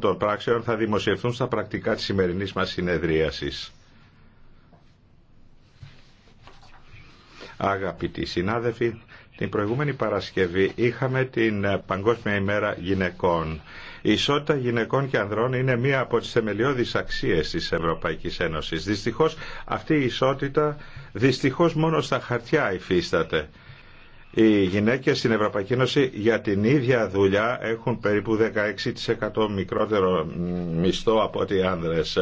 των πράξεων θα δημοσιευθούν στα πρακτικά της σημερινής μας συνεδρίασης. Αγαπητοί συνάδελφοι, την προηγούμενη Παρασκευή είχαμε την ε, Παγκόσμια ημέρα γυναικών. Η ισότητα γυναικών και ανδρών είναι μία από τις θεμελιώδεις αξίες της Ευρωπαϊκής Ένωσης. Δυστυχώς αυτή η ισότητα δυστυχώς μόνο στα χαρτιά υφίσταται. Οι γυναίκες στην Ευρωπαϊκή Ένωση για την ίδια δουλειά έχουν περίπου 16% μικρότερο μισθό από ότι οι άνδρες.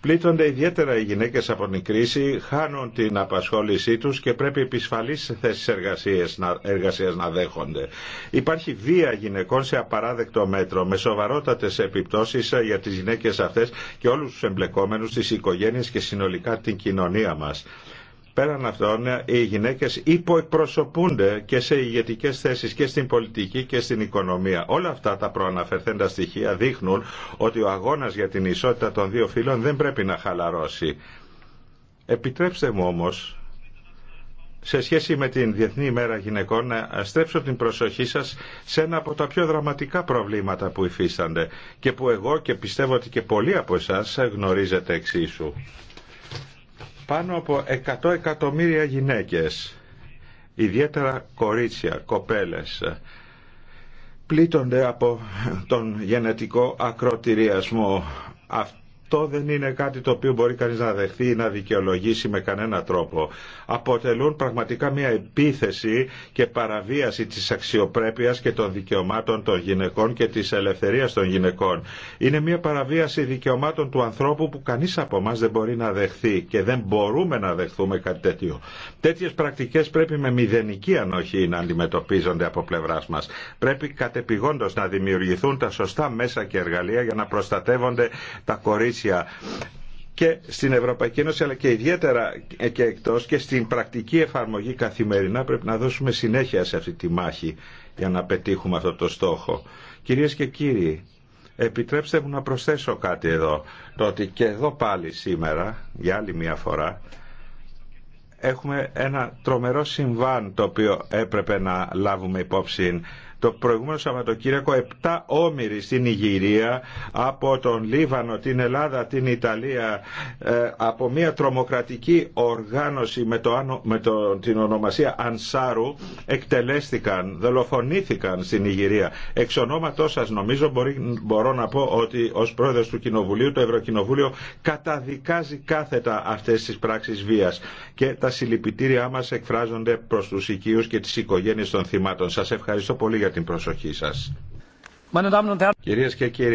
Πλήττονται ιδιαίτερα οι γυναίκες από την κρίση, χάνουν την απασχόλησή τους και πρέπει επισφαλείς θέσεις εργασίας να, να δέχονται. Υπάρχει βία γυναικών σε απαράδεκτο μέτρο με σοβαρότατες επιπτώσεις για τις γυναίκες αυτές και όλους τους εμπλεκόμενους, τις οικογένειες και συνολικά την κοινωνία μας. Πέραν αυτών, οι γυναίκε υποεκπροσωπούνται και σε ηγετικέ θέσει και στην πολιτική και στην οικονομία. Όλα αυτά τα προαναφερθέντα στοιχεία δείχνουν ότι ο αγώνα για την ισότητα των δύο φύλων δεν πρέπει να χαλαρώσει. Επιτρέψτε μου όμω, σε σχέση με την Διεθνή ημέρα γυναικών να στρέψω την προσοχή σα σε ένα από τα πιο δραματικά προβλήματα που υφίστανται και που εγώ και πιστεύω ότι και πολλοί από εσά γνωρίζετε εξίσου πάνω από 100 εκατομμύρια γυναίκες, ιδιαίτερα κορίτσια, κοπέλες, πλήττονται από τον γενετικό ακροτηριασμό αυτό δεν είναι κάτι το οποίο μπορεί κανείς να δεχθεί ή να δικαιολογήσει με κανένα τρόπο. Αποτελούν πραγματικά μια επίθεση και παραβίαση της αξιοπρέπειας και των δικαιωμάτων των γυναικών και της ελευθερίας των γυναικών. Είναι μια παραβίαση δικαιωμάτων του ανθρώπου που κανείς από εμά δεν μπορεί να δεχθεί και δεν μπορούμε να δεχθούμε κάτι τέτοιο. Τέτοιες πρακτικές πρέπει με μηδενική ανοχή να αντιμετωπίζονται από πλευρά μας. Πρέπει κατεπηγόντως να δημιουργηθούν τα σωστά μέσα και εργαλεία για να προστατεύονται τα κορίτσια και στην Ευρωπαϊκή Ένωση αλλά και ιδιαίτερα και εκτός και στην πρακτική εφαρμογή καθημερινά πρέπει να δώσουμε συνέχεια σε αυτή τη μάχη για να πετύχουμε αυτό το στόχο. Κυρίες και κύριοι, επιτρέψτε μου να προσθέσω κάτι εδώ, το ότι και εδώ πάλι σήμερα, για άλλη μια φορά, έχουμε ένα τρομερό συμβάν το οποίο έπρεπε να λάβουμε υπόψη το προηγούμενο Σαββατοκύριακο 7 όμοιροι στην Ιγυρία από τον Λίβανο, την Ελλάδα, την Ιταλία ε, από μια τρομοκρατική οργάνωση με, το, με το, την ονομασία Ανσάρου εκτελέστηκαν, δολοφονήθηκαν στην Ιγυρία. Εξ ονόματός σας νομίζω μπορώ να πω ότι ως πρόεδρος του Κοινοβουλίου το Ευρωκοινοβούλιο καταδικάζει κάθετα αυτές τις πράξεις βίας και τα συλληπιτήριά μας εκφράζονται προς τους οικείους και τις οικογένειες των θυμάτων. Σας ευχαριστώ πολύ για την προσοχή σας. Κυρίες και κύριοι,